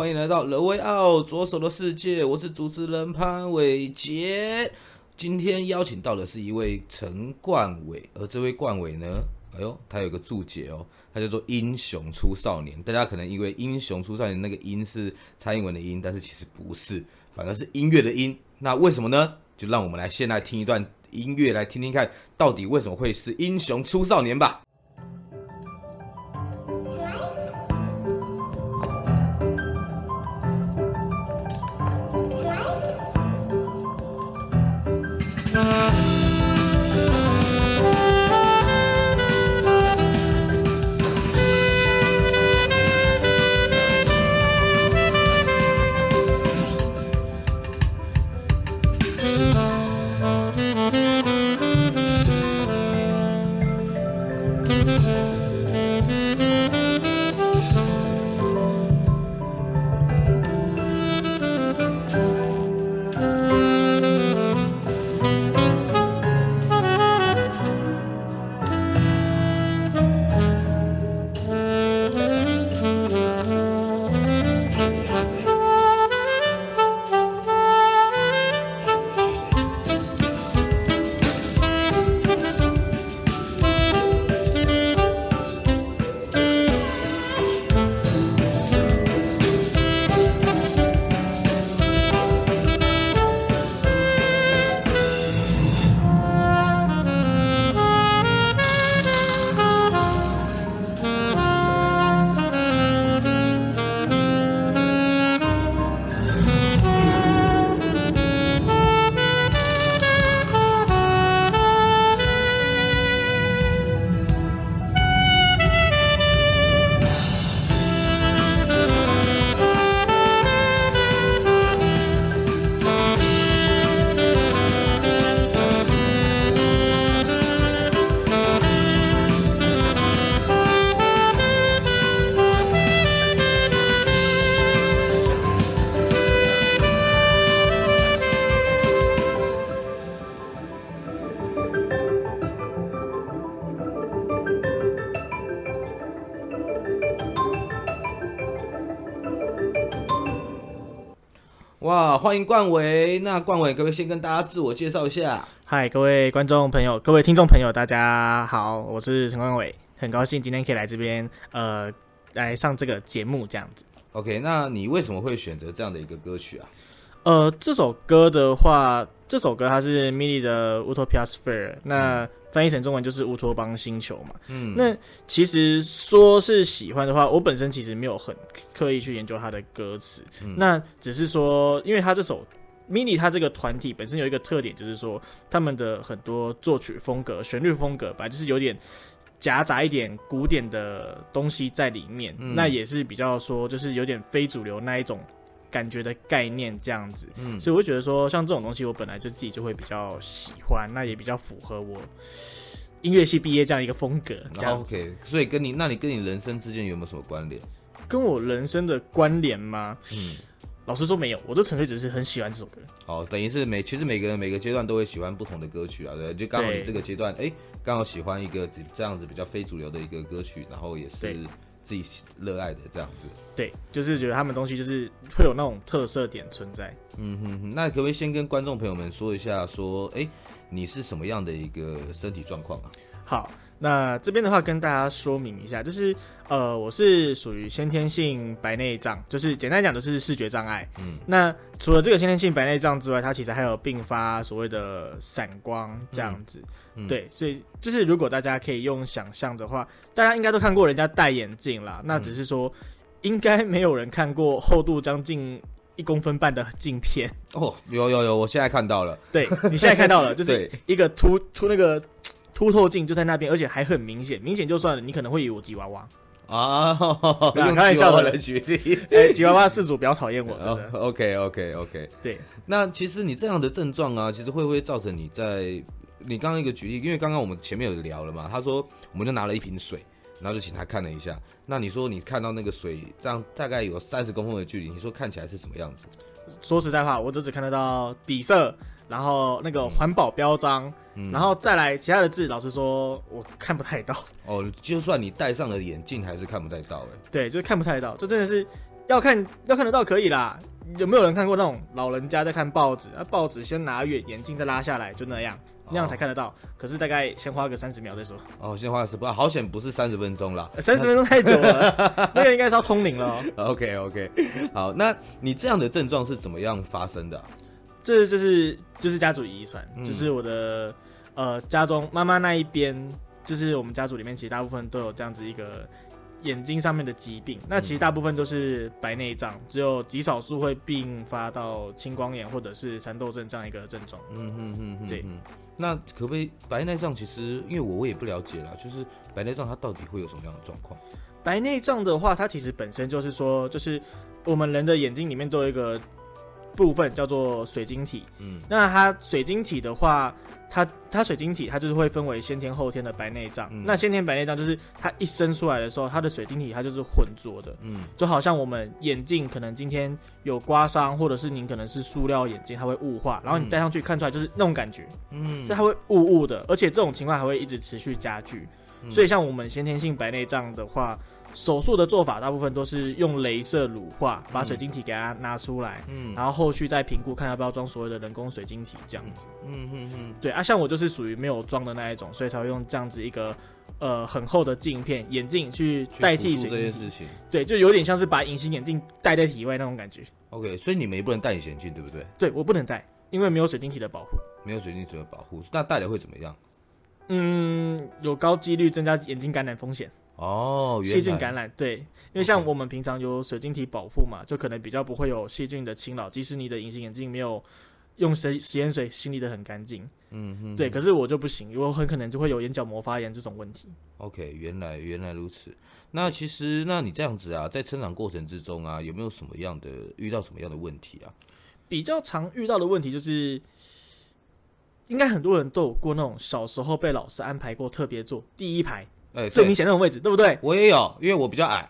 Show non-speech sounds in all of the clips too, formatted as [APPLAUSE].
歡迎來到 The Way Out 左手的視界，我是主持人潘瑋杰。今天邀請到的是一位陳冠瑋，而這位冠瑋呢，哎呦，他有一個註解哦，他叫做“英雄出少年”。大家可能因為“英雄出少年”那個“英”是蔡英文的“英”，但是其實不是，反而是音樂的“音”。那為什麼呢？就讓我們來先來聽一段音樂，來聽聽看，到底為什麼會是“英雄出少年”吧。歡迎冠瑋，那冠瑋，各位先跟大家自我介紹一下。嗨，各位觀眾朋友，各位聽眾朋友，大家好，我是陳冠瑋，很高興今天可以來這邊，呃，來上這個節目這樣子。OK，那你為什麼會選擇這樣的一個歌曲啊？呃，這首歌的話，這首歌它是 Mili 的《Utopia Sphere》，那翻譯成中文就是《烏托邦星球》嘛。嗯，那其實說是喜歡的話，我本身其實沒有很刻意去研究它的歌詞。嗯、那只是說，因為它這首 Mili 它他這個團體本身有一個特點，就是說他們的很多作曲風格、旋律風格，本來就是有點夾雜一點古典的東西在裡面。嗯、那也是比較說，就是有點非主流那一種。感覺的概念這樣子，嗯，所以我會覺得說像這種東西，我本來就自己就會比較喜歡，那也比較符合我音樂系畢業這樣一個風格這樣子。啊。OK，所以跟你，那你跟你人生之間有沒有什麼關聯？跟我人生的關聯嗎？嗯，老實說沒有，我都純粹只是很喜歡這首歌。哦，等於是每其實每個人每個階段都會喜歡不同的歌曲啊，對，就剛好你這個階段，哎，剛好喜歡一個這樣子比較非主流的一個歌曲，然後也是。自己熱愛的這樣子，對，就是覺得他們東西就是會有那種特色點存在。嗯哼，那可不可以先跟觀眾朋友們說一下說，說、欸、哎，你是什麼樣的一個身體狀況啊？好。那這邊的話，跟大家說明一下，就是呃，我是屬於先天性白內障，就是簡單講的是視覺障礙。嗯，那除了這個先天性白內障之外，它其實還有併發所謂的散光這樣子，嗯嗯。對，所以就是如果大家可以用想象的話，大家應該都看過人家戴眼鏡啦。那只是說，應該沒有人看過厚度將近一公分半的鏡片哦。有有有，我現在看到了。對，你現在看到了，就是一個凸凸那個。凸透鏡就在那邊，而且還很明顯。明顯就算了，你可能會以為我吉娃娃啊？你看一下我的舉例？吉、啊、娃娃四組比較討厭我。Oh, OK OK OK。對，那其實你這樣的症狀啊，其實會不會造成你在你剛剛一個舉例？因為剛剛我們前面有聊了嘛，他說我們就拿了一瓶水，然後就請他看了一下。那你說你看到那個水這樣大概有三十公分的距離，你說看起來是什麼樣子？說實在話，我就只看得到底色，然後那個環保標章。嗯嗯、然後再來其他的字，老實說我看不太到哦，就算你戴上了眼鏡還是看不太到。哎、欸，對，就看不太到，就真的是要看要看得到可以啦。有沒有人看過那種老人家在看報紙，啊、報紙先拿遠，眼鏡再拉下來，就那樣那樣才看得到、哦。可是大概先花個三十秒再說。哦，先花個十八，好險不是三十分鐘啦，三、呃、三十分鐘太久了， [LAUGHS] 那個應該是要通靈了、哦。 [LAUGHS] OK OK，好，那你這樣的症狀是怎麼樣發生的、啊？這 [LAUGHS] 就是就是家族遺傳，就是我的。嗯呃，家中媽媽那一邊，就是我們家族裡面，其實大部分都有這樣子一個眼睛上面的疾病。嗯、那其實大部分都是白內障，只有極少數會併發到青光眼或者是蠶豆症這樣一個症狀。嗯嗯嗯嗯，對。那可不可以？白內障其實，因為我也不了解啦，就是白內障它到底會有什麼樣的狀況？白內障的話，它其實本身就是說，就是我們人的眼睛裡面都有一個。部分叫做水晶體，嗯，那它水晶體的話，它它水晶體它就是會分為先天後天的白內障，嗯。那先天白內障就是它一生出來的時候，它的水晶體它就是渾濁的，嗯，就好像我們眼鏡可能今天有刮傷，或者是您可能是塑料眼鏡，它會霧化，然後你戴上去看出來就是那種感覺，嗯，就它會霧霧的，而且這種情況還會一直持續加劇。所以，像我們先天性白內障的話，手術的做法大部分都是用雷射乳化，把水晶體給它拿出來，嗯，然後後續再評估，看要不要裝所謂的人工水晶體，這樣子。嗯嗯嗯。對啊，像我就是屬於沒有裝的那一種，所以才會用這樣子一個呃很厚的鏡片眼鏡去代替水晶體。這件事情。對，就有點像是把隱形眼鏡戴在體外那種感覺。OK，所以你們也不能戴隱形眼鏡，對不對？對，我不能戴，因為沒有水晶體的保護。沒有水晶體的保護，那戴了會怎麼樣？嗯，有高幾率增加眼睛感染風險哦，原來，細菌感染對，因為像我們平常有水晶體保護嘛，okay. 就可能比較不會有細菌的侵擾，即使你的隱形眼鏡沒有用食鹽水清理得很乾淨，嗯哼哼，對，可是我就不行，我很可能就會有眼角膜發炎這種問題。OK，原來原來如此，那其實那你這樣子啊，在成長過程之中啊，有沒有什麼樣的遇到什麼樣的問題啊？比較常遇到的問題就是。應該很多人都有過那種小時候被老師安排過特別坐第一排，哎，最明顯那種位置，對不對？我也有，因為我比較矮。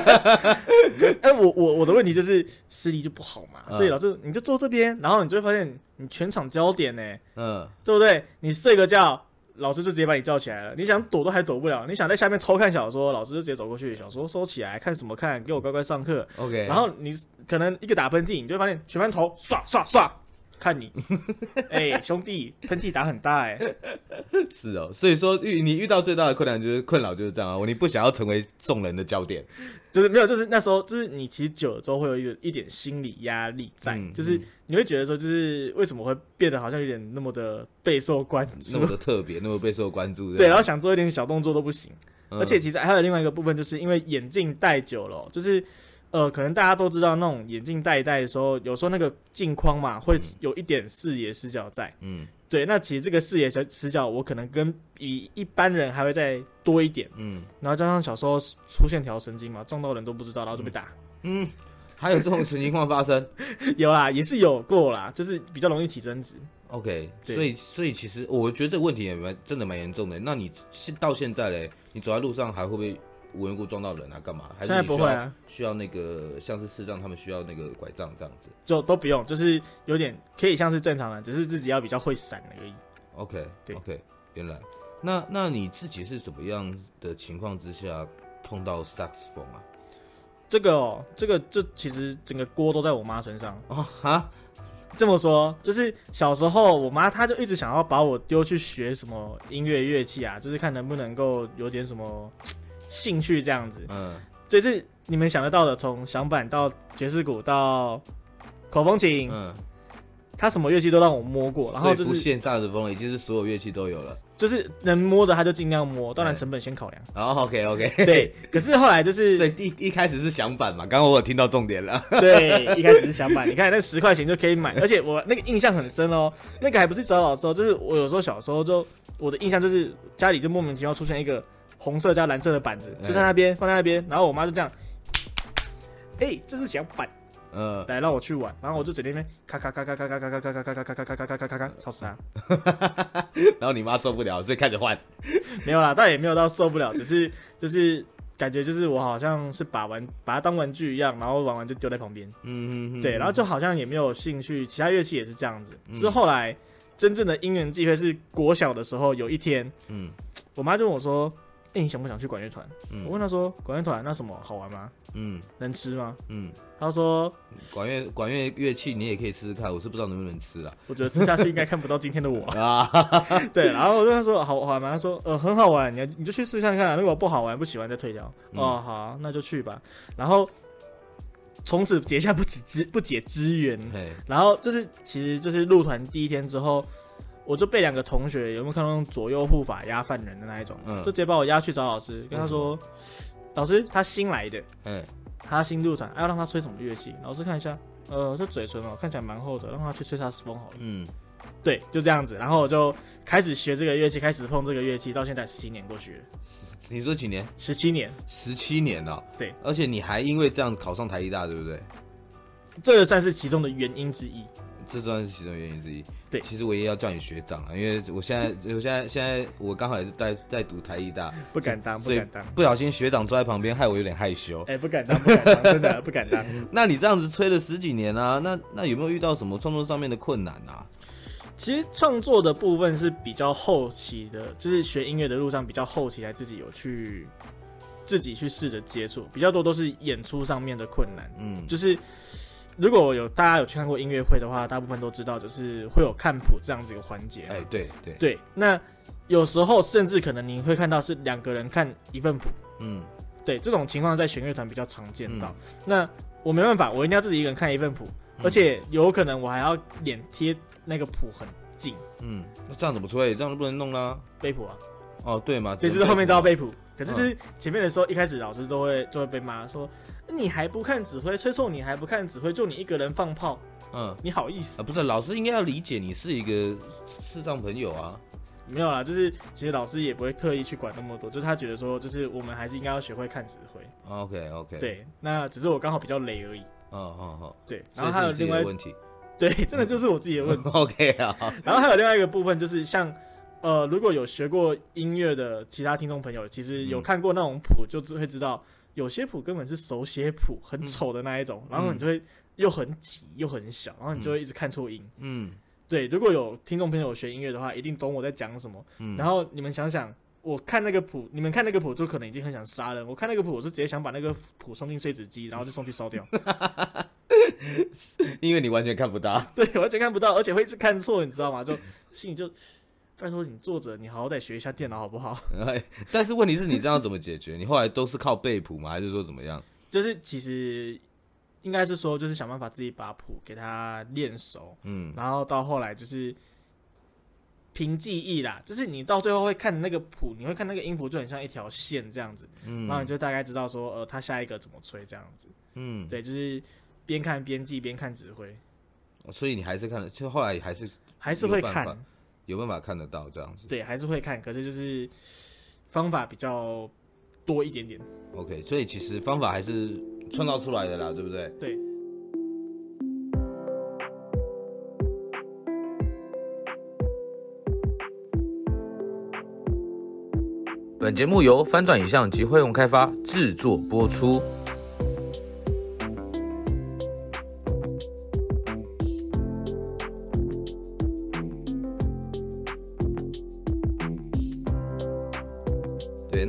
[LAUGHS] 哎， [LAUGHS] 我我我的問題就是視力就不好嘛，所以老師，你就坐這邊，然後你就會發現你全場焦點呢、欸，嗯，對不對？你睡個覺，老師就直接把你叫起來了，你想躲都還躲不了。你想在下面偷看小說，老師就直接走過去，小說收起來，看什麼看？給我乖乖上課。OK，然後你可能一個打噴嚏，你就會發現全班頭唰唰唰。看你，哎、 [LAUGHS] 欸，兄弟，噴 [LAUGHS] 嚏打很大，欸，哎，是哦。所以說遇你遇到最大的困難就是困擾就是這樣啊。 [LAUGHS] 你不想要成為眾人的焦點，就是沒有，就是那時候就是你其實久了之後會有一個一點心理壓力在，嗯嗯，就是你會覺得說，就是為什麼會變得好像有點那麼的備受關注，那麼的特別， [LAUGHS] 那麼備受關注對，啊，對，然後想做一點小動作都不行。嗯，而且其實還有另外一個部分，就是因為眼鏡戴久了，哦，就是。呃，可能大家都知道，那種眼鏡戴一戴的時候，有時候那個鏡框嘛，會有一點視野死角在。嗯，對。那其實這個視野視角死角，我可能跟比一般人還會再多一點。嗯。然後加上小時候粗線條神經嘛，撞到人都不知道，然後就被打。嗯，嗯，還有這種情況發生？ [LAUGHS] 有啊，也是有過啦，就是比較容易起爭執。OK，對。所以所以其實我覺得這個問題也蠻真的蠻嚴重的。那你現到現在嘞，你走在路上還會不會？無緣故撞到人啊？幹嘛？還是你現在不會啊，需要那個像是視障他們需要那個拐杖，這樣子。就都不用，就是有點可以像是正常人，只是自己要比較會閃而已。OK，OK，、okay, okay, 原來，那那你自己是什麼樣的情況之下碰到 saxophone？、啊、這個、哦、這個就其實整個鍋都在我媽身上哦哈。這麼說，就是小時候我媽她就一直想要把我丟去學什麼音樂樂器啊，就是看能不能夠有點什麼。興趣這樣子，嗯，所以是你們想得到的，從響板到爵士鼓到口風琴，嗯，他什麼樂器都讓我摸過，然後就是不限上的風，已經是所有樂器都有了，就是能摸的他就盡量摸，當然成本先考量。然、哎、後、oh, OK OK，對，可是後來就是，所以一一開始是響板嘛，剛剛我有聽到重點了，對，一開始是響板， [LAUGHS] 你看那十塊錢就可以買，而且我那個印象很深哦，那個還不是找老師哦，就是我有時候小時候就我的印象就是家裡就莫名其妙出現一個。紅色加藍色的板子就在那邊、欸，放在那邊。然後我媽就這樣，哎、欸，這是小板，嗯、呃，來讓我去玩。然後我就在那邊咔咔,咔咔咔咔咔咔咔咔咔咔咔咔咔咔咔咔咔咔，死笑死他。然後你媽受不了，所以開始換。沒有啦，倒也沒有到受不了， [LAUGHS] 只是就是感覺就是我好像是把玩把它當玩具一樣，然後玩完就丟在旁邊。嗯嗯對，然後就好像也沒有興趣，其他樂器也是這樣子。是、嗯、後來真正的因緣際會是國小的時候，有一天，嗯，我媽就跟我說。哎、欸，你想不想去管樂團？嗯，我問他說：“管樂團那什麼好玩嗎？嗯，能吃嗎？嗯。”他說：“管樂管樂樂器你也可以試試看，我是不知道能不能吃啊。我覺得吃下去應該看不到今天的我啊。 [LAUGHS] ” [LAUGHS] 對，然後我問他說：“好玩嗎？”他說：“呃，很好玩，你你就去試一下看、啊，如果不好玩不喜歡再退掉。嗯”哦，好、啊，那就去吧。然後從此結下不解之不解之緣。然後這是其實就是入團第一天之後。我就被兩個同學有沒有看到用左右護法押犯人的那一種、嗯，就直接把我押去找老師，跟他說：“嗯、老師，他新來的，嗯，他新入團，要讓他吹什麼樂器？”老師看一下，呃，這嘴唇哦、喔，看起來蠻厚的，讓他去吹薩克斯風好了。嗯，對，就這樣子，然後我就開始學這個樂器，開始碰這個樂器，到現在十七年過去了。你說幾年？十七年，十七年了、喔。對，而且你還因為這樣考上台藝大，對不對？這個、算是其中的原因之一。這算是其中原因之一。對，其實我也要叫你學長啊，因為我現在，我現在，現在我剛好也是在在讀台藝大，不敢當，不敢當，不小心學長坐在旁邊，害我有點害羞。哎、欸，不敢當，不敢當，真的 [LAUGHS] 不敢當。 [LAUGHS] 那你這樣子吹了十幾年啊，那那有沒有遇到什麼創作上面的困難啊？其實創作的部分是比較後期的，就是學音樂的路上比較後期才自己有去自己去試着接觸，比較多都是演出上面的困難。嗯，就是。如果有大家有去看過音樂會的話，大部分都知道，就是會有看譜這樣子一個環節。哎，對對對。那有時候甚至可能你會看到是兩個人看一份譜。嗯，對，這種情況在弦樂團比較常見到。嗯、那我沒辦法，我一定要自己一個人看一份譜、嗯，而且有可能我還要臉貼那個譜很近。嗯，那這樣怎麼吹，這樣子不能弄啦。背譜啊？哦，對嘛，其實是後面都要背譜，可是是前面的時候一開始老師都會就會被罵說。你還不看指揮，催促你還不看指揮，就你一個人放炮，嗯，你好意思啊？啊不是，老師應該要理解你是一個視障朋友啊，沒有啦，就是其實老師也不會特意去管那麼多，就是他覺得說，就是我們還是應該要學會看指揮。OK OK，對，那只是我剛好比較雷而已。哦嗯，好，對，然後還有另外一個問題，對，真的就是我自己的問題。OK 啊、okay, okay.，然後還有另外一個部分就是像呃，如果有學過音樂的其他聽眾朋友，其實有看過那種譜、嗯，就只會知道。有些譜根本是手寫譜，很醜的那一種，嗯，然後你就會又很擠又很小，然後你就會一直看錯音。嗯，對，如果有聽眾朋友有學音樂的話，一定懂我在講什麼，嗯。然後你們想想，我看那個譜，你們看那個譜都可能已經很想殺人。我看那個譜，我是直接想把那個譜送進碎紙機，然後就送去燒掉。 [LAUGHS] 因為你完全看不到，對，完全看不到，而且會一直看錯，你知道嗎？就心裡就。拜託你作者，你好好得學一下電腦好不好 [LAUGHS] 但是問題是你這樣怎麼解決？你後來都是靠背譜嗎？還是說怎麼樣？就是其實應該是說，就是想辦法自己把譜給它練熟。嗯，然後到後來就是憑記憶啦。就是你到最後會看那個譜，你會看那個音符就很像一條線這樣子。嗯，然後你就大概知道說，呃，他下一個怎麼吹這樣子。嗯，對，就是邊看邊記，邊看指揮。所以你還是看了，就後來還是還是會看。有辦法看得到這樣子，對，還是會看，可是就是方法比較多一點點。OK，所以其實方法還是創造出來的啦，對不對？對。本節目由翻轉影像及會用開發製作播出。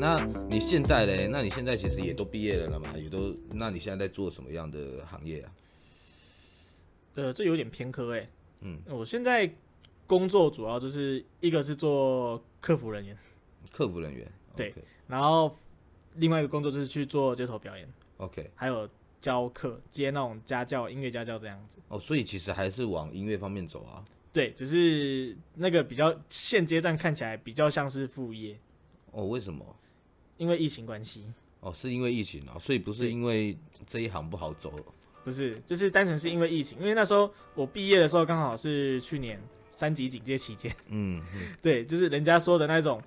那你現在嘞？那你現在其實也都畢業了了嘛？也都？那你現在在做什麼樣的行業啊？呃，這有點偏科哎、欸。嗯，我現在工作主要就是一個是做客服人員，客服人員、okay、對。然後另外一個工作就是去做街頭表演，OK。還有教課，接那種家教，音樂家教這樣子。哦，所以其實還是往音樂方面走啊。對，只是那個比較現階段看起來比較像是副業。哦，為什麼？因為疫情關係，哦，是因為疫情啊、哦，所以不是因為這一行不好走，不是，就是單純是因為疫情，因為那時候我畢業的時候剛好是去年三級警戒期間，嗯，對，就是人家說的那種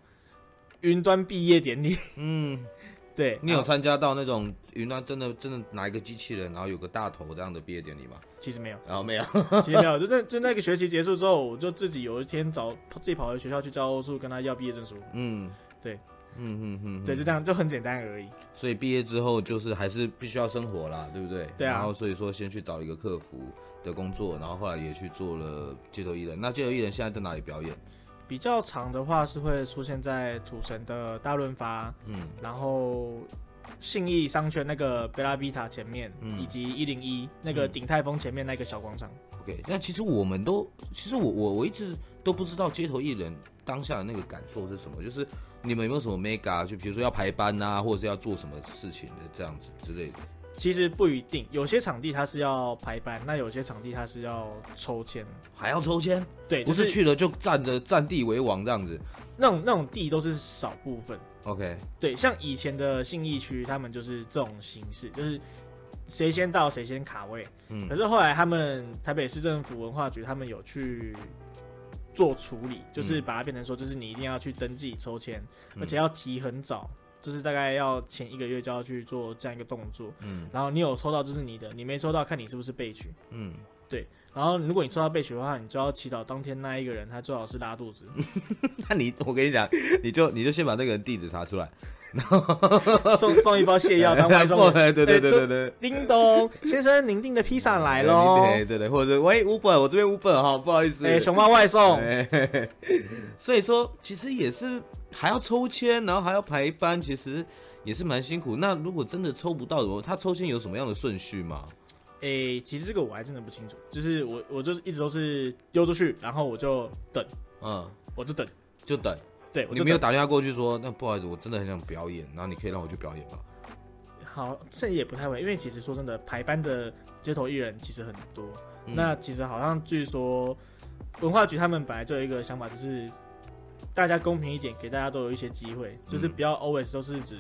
雲端畢業典禮，嗯， [LAUGHS] 對，你有參加到那種雲端真的真的拿一個機器人，然後有個大頭這樣的畢業典禮嗎？其實沒有，然、哦、後沒有， [LAUGHS] 其實沒有，就那就那個學期結束之後，我就自己有一天找自己跑回學校去教務處跟他要畢業證書，嗯，對。嗯嗯嗯，對，就這樣，就很簡單而已。所以畢業之後，就是還是必須要生活啦，對不對？對啊。然後所以說，先去找一個客服的工作，然後後來也去做了街頭藝人。那街頭藝人現在在哪裡表演？比較長的話是會出現在土城的大潤發，嗯，然後信義商圈那個 Bellavita 前面，嗯，以及一零一那個鼎泰豐前面那個小廣場。嗯嗯，OK。那其實我們都，其實我我我一直都不知道街頭藝人當下的那個感受是什麼，就是。你們有沒有什麼 Mega？就比如說要排班啊，或者是要做什麼事情的這樣子之類的。其實不一定，有些場地它是要排班，那有些場地它是要抽籤，還要抽籤。對，不是去了就占着占地為王這樣子，那種那種地都是少部分。OK，對，像以前的信義區，他們就是這種形式，就是誰先到誰先卡位。嗯，可是後來他們台北市政府文化局，他們有去。做處理，就是把它變成說，就是你一定要去登記抽籤，嗯，而且要提很早，就是大概要前一個月就要去做這樣一個動作。嗯，然後你有抽到就是你的，你沒抽到看你是不是備取？嗯，對。然後如果你抽到備取的話，你就要祈禱當天那一個人他最好是拉肚子。 [LAUGHS] 那你，我跟你講，你就你就先把那個人地址查出來。 [LAUGHS] 送送一包瀉藥當外送的， [LAUGHS] 對對對對對，對、欸。叮咚，先生，您訂的披薩來嘍。對對對，或者喂，Uber，我這邊 Uber 哈，不好意思。欸、熊貓外送、欸。所以說，其實也是還要抽籤，然後還要排班，其實也是蠻辛苦。那如果真的抽不到的話，他抽籤有什麼樣的順序嗎？誒、欸，其實這個我還真的不清楚。就是我，我就是一直都是丟出去，然後我就等，嗯，我就等，就等。對，你沒有打電話過去說，那不好意思，我真的很想表演，然後你可以讓我去表演嗎？好，這也不太會，因為其實說真的，排班的街頭藝人其實很多，嗯。那其實好像據說文化局他們本來就有一個想法，就是大家公平一點，給大家都有一些機會，嗯，就是不要 always 都是只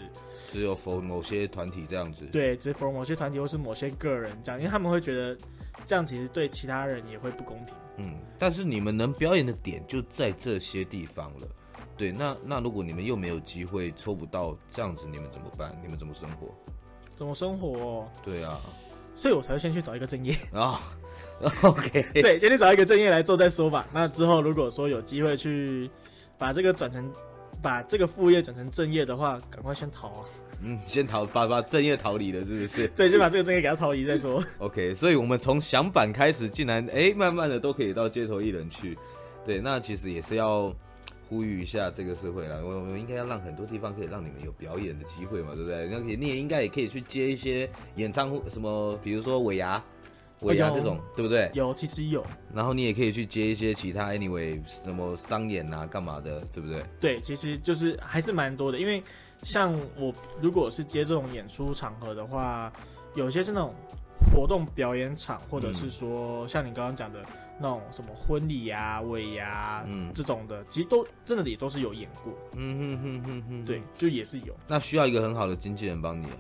只有 for 某些團體這樣子。對，只 for 某些團體或是某些個人這樣，因為他們會覺得這樣其實對其他人也會不公平。嗯，但是你們能表演的點就在這些地方了。對，那那如果你們又沒有機會抽不到這樣子，你們怎麼辦？你們怎麼生活？怎麼生活？對啊，所以我才會先去找一個正業啊。Oh, OK， [LAUGHS] 對，先去找一個正業來做再說吧。那之後如果說有機會去把這個轉成把這個副業轉成正業的話，趕快先逃啊！嗯，先逃把把正業逃離了是不是？ [LAUGHS] 對，先把這個正業給他逃離再說。OK，所以我們從響板開始竟然，哎，慢慢的都可以到街頭藝人去。對，那其實也是要。呼籲一下這個社會啦，我我應該要讓很多地方可以讓你們有表演的機會嘛，對不對？那可以你也應該也可以去接一些演唱會，什麼比如說尾牙，尾牙這種，對不對？有，其實有。然後你也可以去接一些其他 anyway 什麼商演啊，幹嘛的，對不對？對，其實就是還是蠻多的，因為像我如果是接這種演出場合的話，有些是那種。活動表演場，或者是說、嗯、像你剛剛講的那種什麼婚禮呀、啊、尾牙呀、啊，嗯，這種的，其實都真的也都是有演過。嗯嗯嗯嗯對，就也是有。那需要一個很好的經紀人幫你、啊。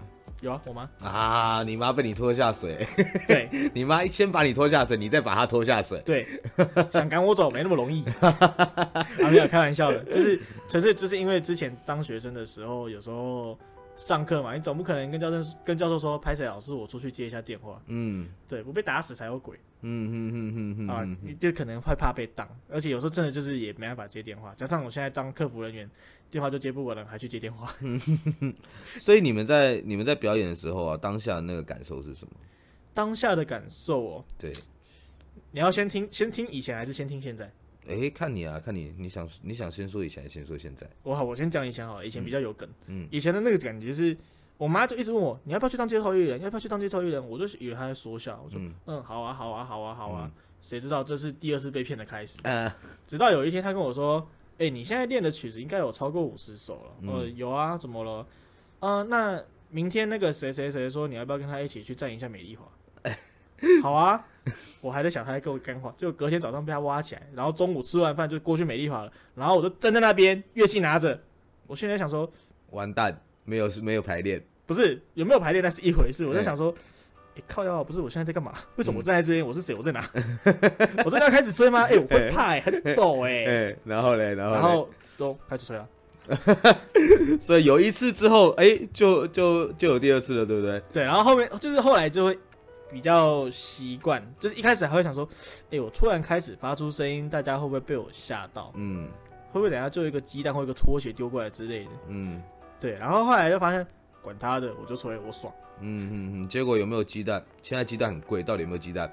有啊，我媽。啊，你媽被你拖下水。對， [LAUGHS] 你媽先把你拖下水，你再把她拖下水。對， [LAUGHS] 想趕我走沒那麼容易。 [LAUGHS] 啊、沒有開玩笑的，就 [LAUGHS] 是純粹就是因為之前當學生的時候，有時候。上課嘛，你總不可能跟教授跟教授說，抱歉老師，我出去接一下電話。嗯，對，不被打死才有鬼。嗯嗯嗯嗯嗯啊，你就可能害怕被當，而且有時候真的就是也沒辦法接電話。加上我現在當客服人員，電話就接不穩了，還去接電話。嗯、所以你們在你們在表演的時候啊，當下的那個感受是什麼？當下的感受哦、喔，對，你要先聽先聽以前還是先聽現在？哎、欸，看你啊，看你，你想你想先說以前，先說現在？我好，我先講以前好了，以前比較有梗。嗯，嗯，以前的那個感覺、就是，我媽就一直問我，你要不要去當街頭藝人？要不要去當街頭藝人？我就以為她在說笑，我說、嗯，嗯，好啊，好啊，好啊，好啊。誰、嗯、知道這是第二次被騙的開始、嗯。直到有一天，她跟我說，哎、欸，你現在練的曲子應該有超過五十首了。嗯，有啊，怎麼了？嗯、呃、那明天那個誰誰誰說你要不要跟他一起去站一下美麗華？好啊，我還在想他在給我幹話，就隔天早上被他挖起來，然後中午吃完飯就過去美麗華了，然後我就站在那邊樂器拿着，我現在想說，完蛋，沒有是沒有排練，不是有沒有排練那是一回事，我在想說，哎、欸欸、靠，要不是我現在在幹嘛？為什麼我站在,在這邊？我是誰？我在哪？嗯、 [LAUGHS] 我在那開始吹嗎？哎、欸，我會怕哎、欸，很抖哎、欸欸，然後嘞，然後然後都開始吹了，所以有一次之後，哎、欸，就就就有第二次了，對不對？對，然後後面就是後來就會。比較習慣，就是一開始還會想說，哎、欸，我突然開始發出聲音，大家會不會被我嚇到？嗯，會不會等下就一個雞蛋或一個拖鞋丟過來之類的？嗯，對。然後後來就發現，管他的，我就出來我爽。嗯嗯嗯。結果有沒有雞蛋？現在雞蛋很貴，到底有沒有雞蛋？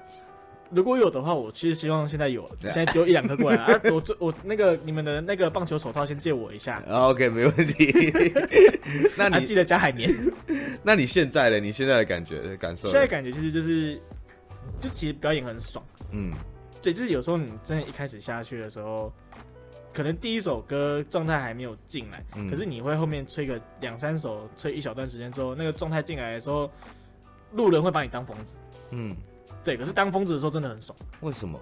如果有的話，我其實希望現在有，現在丟一兩顆過來。 [LAUGHS] 啊、我我那個你們的那個棒球手套先借我一下。OK，沒問題。 [LAUGHS] 那你、啊、記得加海綿。那你現在呢？你現在的感覺感受的？現在感覺其實就是就其實表演很爽。嗯，對，就是有時候你真的一開始下去的時候，可能第一首歌狀態還沒有進來、嗯，可是你會後面吹個兩三首，吹一小段時間之後，那個狀態進來的時候，路人會把你當瘋子。嗯。對，可是當瘋子的時候真的很爽。為什麼？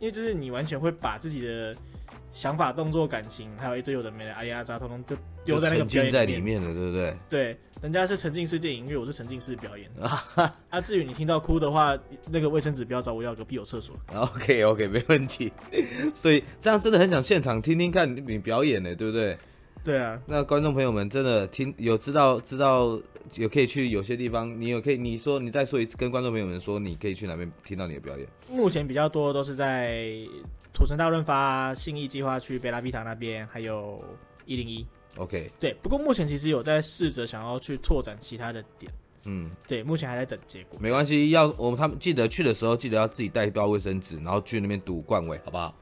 因為就是你完全會把自己的想法、動作、感情，還有一堆有的沒的，哎、啊、呀，渣、啊啊啊啊啊啊啊、通通都丟在那個圈在裡面了，對不對？對，人家是沉浸式電影，因為我是沉浸式表演。 [LAUGHS] 啊，至於你聽到哭的話，那個衛生紙不要找我要，隔壁有廁所。OK OK 沒問題。 [LAUGHS] 所以這樣真的很想現場聽聽聽看你表演呢，對不對？對啊，那觀眾朋友們真的聽有知道知道，有可以去有些地方，你有可以你說你再說一次，跟觀眾朋友們說你可以去哪邊聽到你的表演。目前比較多都是在土城大潤發、啊、信義計劃區、Bellavita 那邊，還有一零一。OK，對，不過目前其實有在試着想要去拓展其他的點。嗯，對，目前還在等結果。沒關係，要我們他們記得去的時候記得要自己帶一包衛生紙，然後去那邊堵冠瑋，好不好？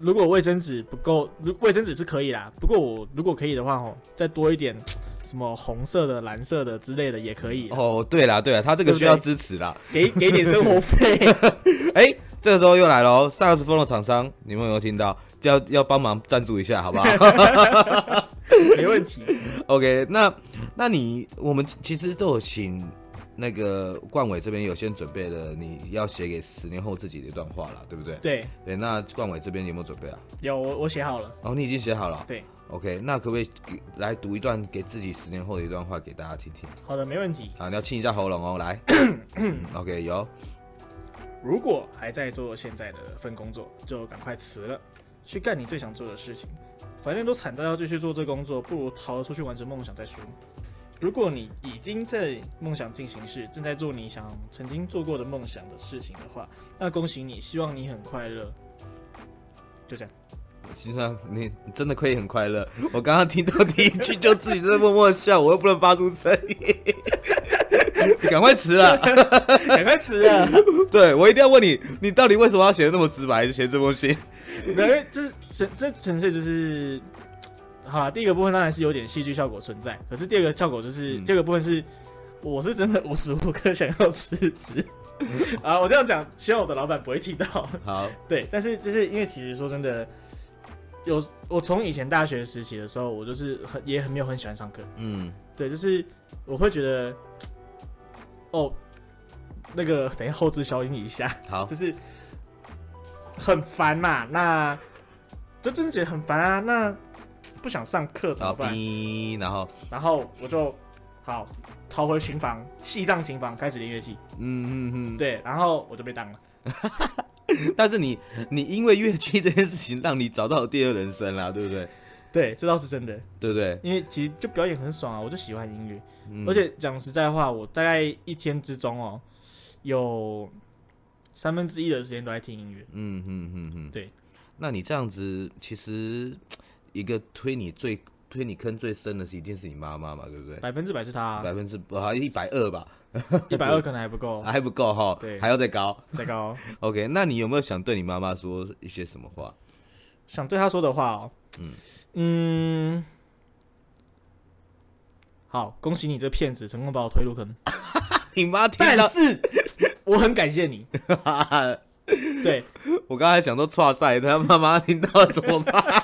如果衛生紙不夠，衛衛生紙是可以啦。不過我如果可以的話、喔、再多一點，什麼紅色的、藍色的之類的也可以。哦，對啦，對啦，他這個需要支持啦，對對給給點生活費。哎， [LAUGHS] [LAUGHS] 這個時候又來了薩克斯風的廠商，你們有沒有聽到？要要幫忙贊助一下，好不好？ [LAUGHS] [LAUGHS] 沒問題。OK，那那你我們其實都有請。那個冠瑋這邊有先準備了，你要寫給十年後自己的一段話了，對不對？對對、欸，那冠瑋這邊有沒有準備啊？有，我我寫好了。哦，你已經寫好了。對。OK，那可不可以給來讀一段給自己十年後的一段話給大家聽聽？好的，沒問題。好，你要清一下喉嚨哦、喔，來。 [COUGHS] OK，有。如果還在做現在的份工作，就趕快辭了，去幹你最想做的事情。反正都慘到要繼續做這個工作，不如逃出去完成夢想再說。如果你已經在夢想進行式，正在做你想曾經做過的夢想的事情的話，那恭喜你！希望你很快樂。就這樣，實際上你真的可以很快樂。我剛剛聽到第一句就自己在默默笑， [LAUGHS] 我又不能發出聲音，趕 [LAUGHS] 快辭了，趕 [LAUGHS] [LAUGHS] 快辭了。對，我一定要問你，你到底為什麼要寫得那麼直白？寫這封信 [LAUGHS] [LAUGHS] 這純這純粹就是。好，第一個部分當然是有點戲劇效果存在，可是第二個效果就是這、嗯、個部分是，我是真的無時無刻想要辭職啊！我這樣講，希望我的老闆不會聽到。好，對，但是就是因為其實說真的，有我從以前大學時期的時候，我就是很也很沒有很喜歡上課。嗯，對，就是我會覺得，哦，那個等一下後製消音一下，好，就是很煩嘛，那就真的覺得很煩啊，那。不想上課怎麼辦、哦？然後，然後我就好逃回琴房，系上琴房開始練樂器。嗯嗯嗯，對。然後我就被當了。 [LAUGHS] 但是你你因為樂器這件事情，讓你找到第二人生啦，對不對？對，這倒是真的。對不對？因為其實就表演很爽啊，我就喜歡音樂。嗯、而且講實在話，我大概一天之中哦，有三分之一的時間都在聽音樂。嗯嗯嗯嗯，對。那你這樣子其實。一個推你最推你坑最深的是一定是你媽媽嘛，對不對？百分之百是他啊。百分之不好，一百二吧。一百二可能還不夠。還不夠哈。對，還要再高，再高。OK，那你有沒有想對你媽媽說一些什麼話？想對她說的話哦，嗯，嗯，好，恭喜你這個騙子成功把我推入坑。 [LAUGHS] 你媽但是，我很感謝你。 [LAUGHS] 對，我剛才想說剉賽，他媽媽聽到了怎麼辦？ [LAUGHS]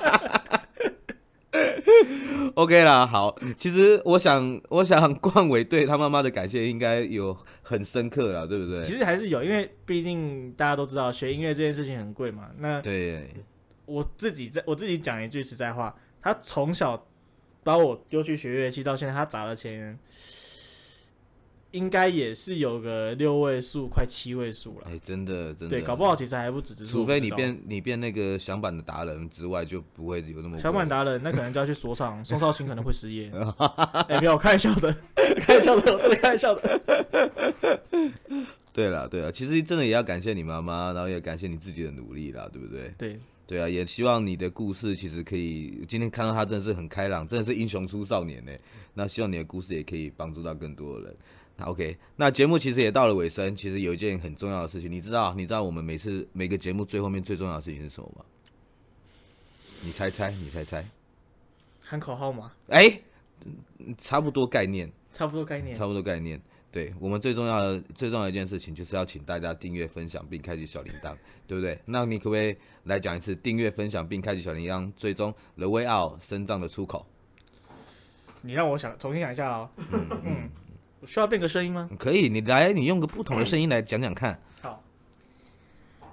OK 啦，好，其實我想，我想冠偉對他媽媽的感謝應該有很深刻了，對不對？其實還是有，因為畢竟大家都知道學音樂這件事情很貴嘛。那對我自己在我自己講一句實在話，他從小把我丟去學樂器，到現在他砸了錢。應該也是有個六位數，快七位數了。哎、欸，真的，真的，對，搞不好其實還不止，止。除非你變你變那個響板的達人之外，就不會有那麼響板達人。那可能就要去說唱。宋 [LAUGHS] 少卿可能會失業。哎、 [LAUGHS] 欸，沒有，開玩笑的，開 [LAUGHS] 玩笑的，我真的開玩笑的。 [LAUGHS] 對了，對了，其實真的也要感謝你媽媽，然後也感謝你自己的努力啦，對不對？對，對啊，也希望你的故事其實可以今天看到他，真的是很開朗，真的是英雄出少年呢、欸。那希望你的故事也可以幫助到更多的人。OK，那節目其實也到了尾聲。其實有一件很重要的事情，你知道，你知道我們每次每個節目最後面最重要的事情是什麼嗎？你猜猜，你猜猜，喊口號嗎？哎、欸，差不多概念，差不多概念，差不多概念。對，我們最重要的最重要的一件事情，就是要請大家訂閱、分享並開啟小鈴鐺， [LAUGHS] 對不對？那你可不可以來講一次訂閱、分享並開啟小鈴鐺，最終 The Way Out 身障的出口？你讓我想重新想一下哦。嗯嗯 [LAUGHS] 我需要變個聲音嗎？可以，你來，你用個不同的聲音來講講看。好，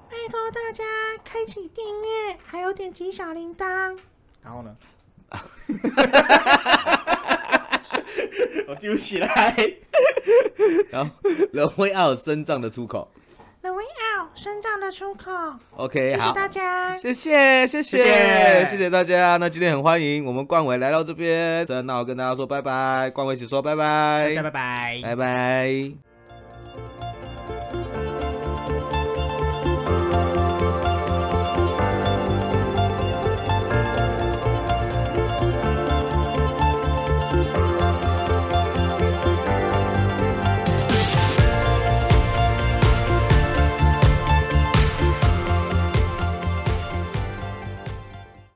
拜託大家開啟訂閱，還有點擊小鈴鐺。然後呢？啊、 [LAUGHS] [LAUGHS] [LAUGHS] 我記不起來。 [LAUGHS] 然後，然後會按身障的出口。生長的出口。OK，謝謝好，謝謝大家，謝謝，謝謝，謝謝大家。那今天很歡迎我們冠偉來到這邊，真的。那我跟大家說拜拜，冠偉一起說拜拜，大家拜拜，拜拜。